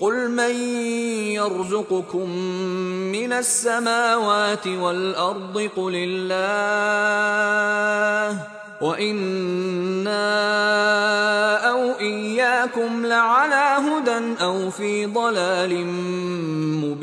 قل من يرزقكم من السماوات والارض قل الله وانا او اياكم لعلى هدى او في ضلال مبين